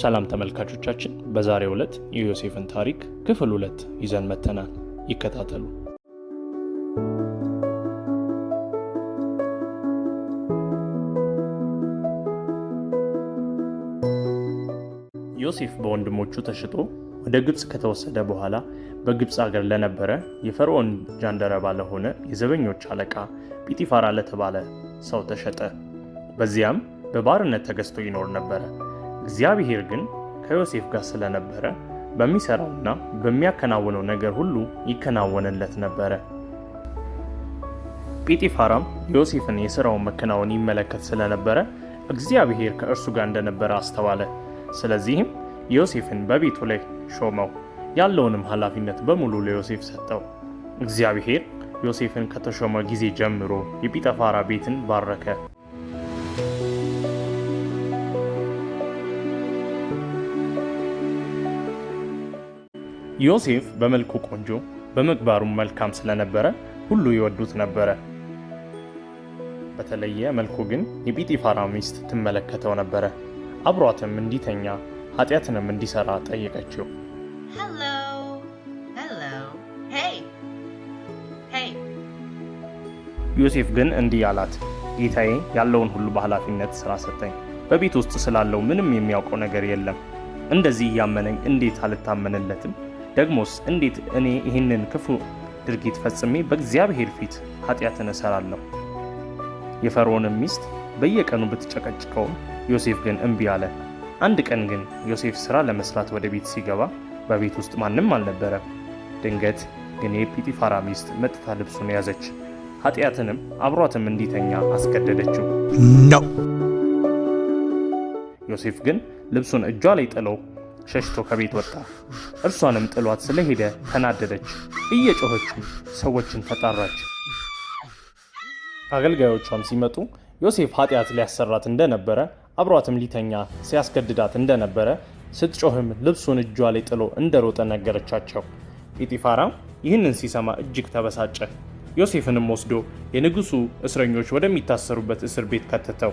ሰላም ተመልካቾቻችን፣ በዛሬው ዕለት የዮሴፍን ታሪክ ክፍል ሁለት ይዘን መተናል። ይከታተሉ። ዮሴፍ በወንድሞቹ ተሽጦ ወደ ግብፅ ከተወሰደ በኋላ በግብፅ አገር ለነበረ የፈርዖን ጃንደረባ ለሆነ የዘበኞች አለቃ ጲጢፋራ ለተባለ ሰው ተሸጠ። በዚያም በባርነት ተገዝቶ ይኖር ነበረ። እግዚአብሔር ግን ከዮሴፍ ጋር ስለነበረ በሚሰራውና በሚያከናውነው ነገር ሁሉ ይከናወንለት ነበረ። ጲጢፋራም ዮሴፍን የሥራውን መከናወን ይመለከት ስለነበረ እግዚአብሔር ከእርሱ ጋር እንደነበረ አስተዋለ። ስለዚህም ዮሴፍን በቤቱ ላይ ሾመው፣ ያለውንም ኃላፊነት በሙሉ ለዮሴፍ ሰጠው። እግዚአብሔር ዮሴፍን ከተሾመ ጊዜ ጀምሮ የጲጠፋራ ቤትን ባረከ። ዮሴፍ በመልኩ ቆንጆ በምግባሩም መልካም ስለነበረ ሁሉ ይወዱት ነበረ። በተለየ መልኩ ግን የጲጢፋራ ሚስት ትመለከተው ነበረ። አብሯትም እንዲተኛ ኃጢአትንም እንዲሰራ ጠየቀችው። ዮሴፍ ግን እንዲህ አላት፣ ጌታዬ ያለውን ሁሉ በኃላፊነት ሥራ ሰጠኝ። በቤት ውስጥ ስላለው ምንም የሚያውቀው ነገር የለም። እንደዚህ እያመነኝ እንዴት አልታመንለትም? ደግሞስ እንዴት እኔ ይህንን ክፉ ድርጊት ፈጽሜ በእግዚአብሔር ፊት ኃጢአትን እሰራለሁ? የፈርዖንም ሚስት በየቀኑ ብትጨቀጭቀውም ዮሴፍ ግን እምቢ አለ። አንድ ቀን ግን ዮሴፍ ሥራ ለመሥራት ወደ ቤት ሲገባ በቤት ውስጥ ማንም አልነበረም። ድንገት ግን የጲጢፋራ ሚስት መጥታ ልብሱን ያዘች፣ ኃጢአትንም አብሯትም እንዲተኛ አስገደደችው ነው። ዮሴፍ ግን ልብሱን እጇ ላይ ጥለው ሸሽቶ ከቤት ወጣ። እርሷንም ጥሏት ስለሄደ ተናደደች። እየጮኸችም ሰዎችን ተጣራች። አገልጋዮቿም ሲመጡ ዮሴፍ ኃጢአት ሊያሰራት እንደነበረ አብሯትም ሊተኛ ሲያስገድዳት እንደነበረ ስትጮህም ልብሱን እጇ ላይ ጥሎ እንደሮጠ ነገረቻቸው። ጲጢፋራም ይህንን ሲሰማ እጅግ ተበሳጨ። ዮሴፍንም ወስዶ የንጉሡ እስረኞች ወደሚታሰሩበት እስር ቤት ከተተው።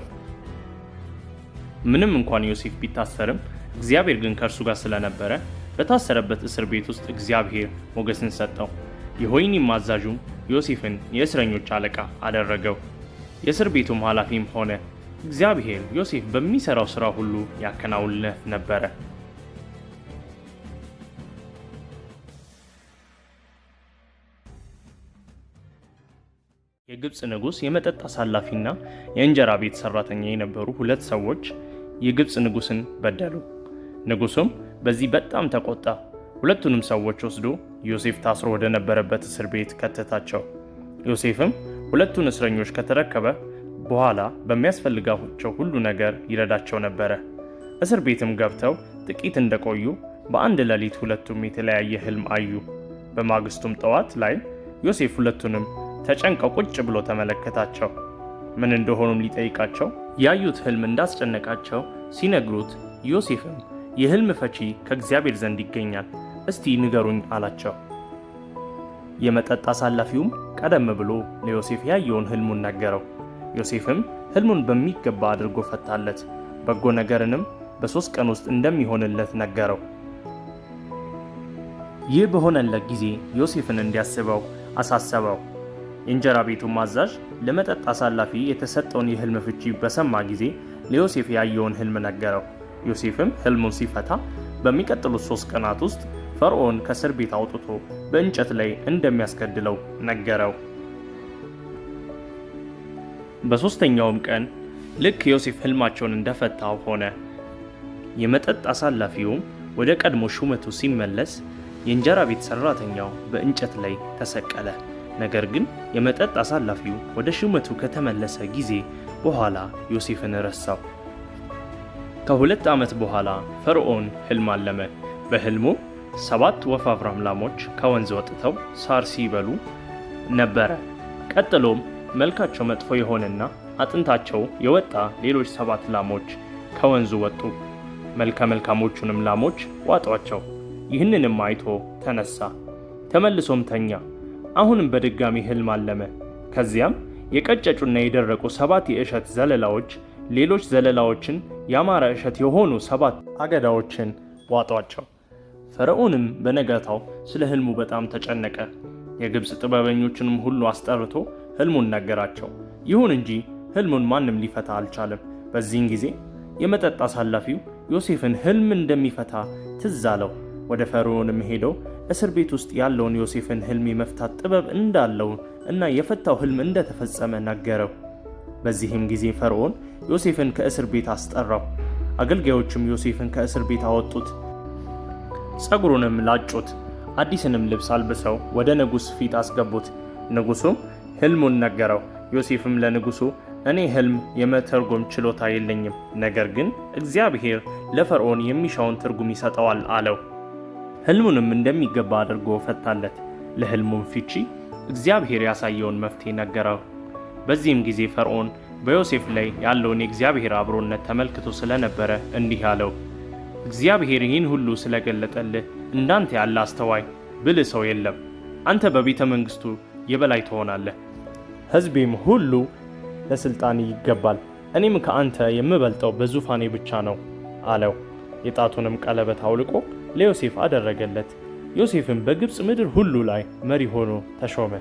ምንም እንኳን ዮሴፍ ቢታሰርም እግዚአብሔር ግን ከእርሱ ጋር ስለነበረ በታሰረበት እስር ቤት ውስጥ እግዚአብሔር ሞገስን ሰጠው። የሆይኒም አዛዡም ዮሴፍን የእስረኞች አለቃ አደረገው። የእስር ቤቱም ኃላፊም ሆነ። እግዚአብሔር ዮሴፍ በሚሠራው ሥራ ሁሉ ያከናውንለት ነበረ። የግብፅ ንጉሥ የመጠጥ አሳላፊና የእንጀራ ቤት ሠራተኛ የነበሩ ሁለት ሰዎች የግብፅ ንጉሥን በደሉ። ንጉሱም በዚህ በጣም ተቆጣ። ሁለቱንም ሰዎች ወስዶ ዮሴፍ ታስሮ ወደ ነበረበት እስር ቤት ከተታቸው። ዮሴፍም ሁለቱን እስረኞች ከተረከበ በኋላ በሚያስፈልጋቸው ሁሉ ነገር ይረዳቸው ነበረ። እስር ቤትም ገብተው ጥቂት እንደቆዩ በአንድ ሌሊት ሁለቱም የተለያየ ህልም አዩ። በማግስቱም ጠዋት ላይ ዮሴፍ ሁለቱንም ተጨንቀው ቁጭ ብሎ ተመለከታቸው። ምን እንደሆኑም ሊጠይቃቸው ያዩት ህልም እንዳስጨነቃቸው ሲነግሩት ዮሴፍም የህልም ፈቺ ከእግዚአብሔር ዘንድ ይገኛል፣ እስቲ ንገሩኝ አላቸው። የመጠጥ አሳላፊውም ቀደም ብሎ ለዮሴፍ ያየውን ህልሙን ነገረው። ዮሴፍም ህልሙን በሚገባ አድርጎ ፈታለት፣ በጎ ነገርንም በሦስት ቀን ውስጥ እንደሚሆንለት ነገረው። ይህ በሆነለት ጊዜ ዮሴፍን እንዲያስበው አሳሰበው። የእንጀራ ቤቱም አዛዥ ለመጠጥ አሳላፊ የተሰጠውን የህልም ፍቺ በሰማ ጊዜ ለዮሴፍ ያየውን ህልም ነገረው። ዮሴፍም ህልሙን ሲፈታ በሚቀጥሉት ሶስት ቀናት ውስጥ ፈርዖን ከእስር ቤት አውጥቶ በእንጨት ላይ እንደሚያስገድለው ነገረው። በሦስተኛውም ቀን ልክ ዮሴፍ ህልማቸውን እንደፈታው ሆነ። የመጠጥ አሳላፊውም ወደ ቀድሞ ሹመቱ ሲመለስ የእንጀራ ቤት ሠራተኛው በእንጨት ላይ ተሰቀለ። ነገር ግን የመጠጥ አሳላፊው ወደ ሹመቱ ከተመለሰ ጊዜ በኋላ ዮሴፍን ረሳው። ከሁለት ዓመት በኋላ ፈርዖን ሕልም አለመ። በሕልሙ ሰባት ወፋፍራም ላሞች ከወንዝ ወጥተው ሳር ሲበሉ ነበረ። ቀጥሎም መልካቸው መጥፎ የሆነና አጥንታቸው የወጣ ሌሎች ሰባት ላሞች ከወንዙ ወጡ። መልከ መልካሞቹንም ላሞች ዋጧቸው። ይህንንም አይቶ ተነሳ፣ ተመልሶም ተኛ። አሁንም በድጋሚ ሕልም አለመ። ከዚያም የቀጨጩና የደረቁ ሰባት የእሸት ዘለላዎች ሌሎች ዘለላዎችን ያማረ እሸት የሆኑ ሰባት አገዳዎችን ዋጧቸው። ፈርዖንም በነጋታው ስለ ህልሙ በጣም ተጨነቀ። የግብፅ ጥበበኞችንም ሁሉ አስጠርቶ ህልሙን ነገራቸው። ይሁን እንጂ ህልሙን ማንም ሊፈታ አልቻለም። በዚህን ጊዜ የመጠጥ አሳላፊው ዮሴፍን ህልም እንደሚፈታ ትዝ አለው። ወደ ፈርዖንም ሄደው እስር ቤት ውስጥ ያለውን ዮሴፍን ህልም የመፍታት ጥበብ እንዳለው እና የፈታው ህልም እንደተፈጸመ ነገረው። በዚህም ጊዜ ፈርዖን ዮሴፍን ከእስር ቤት አስጠራው። አገልጋዮችም ዮሴፍን ከእስር ቤት አወጡት፣ ጸጉሩንም ላጩት፣ አዲስንም ልብስ አልብሰው ወደ ንጉሥ ፊት አስገቡት። ንጉሡም ሕልሙን ነገረው። ዮሴፍም ለንጉሡ እኔ ሕልም የመተርጎም ችሎታ የለኝም፣ ነገር ግን እግዚአብሔር ለፈርዖን የሚሻውን ትርጉም ይሰጠዋል አለው። ሕልሙንም እንደሚገባ አድርጎ ፈታለት። ለሕልሙም ፍቺ እግዚአብሔር ያሳየውን መፍትሄ ነገረው። በዚህም ጊዜ ፈርዖን በዮሴፍ ላይ ያለውን የእግዚአብሔር አብሮነት ተመልክቶ ስለነበረ እንዲህ አለው፣ እግዚአብሔር ይህን ሁሉ ስለገለጠልህ እንዳንተ ያለ አስተዋይ ብልህ ሰው የለም። አንተ በቤተ መንግሥቱ የበላይ ትሆናለህ፣ ሕዝቤም ሁሉ ለሥልጣን ይገባል። እኔም ከአንተ የምበልጠው በዙፋኔ ብቻ ነው አለው። የጣቱንም ቀለበት አውልቆ ለዮሴፍ አደረገለት። ዮሴፍም በግብፅ ምድር ሁሉ ላይ መሪ ሆኖ ተሾመ።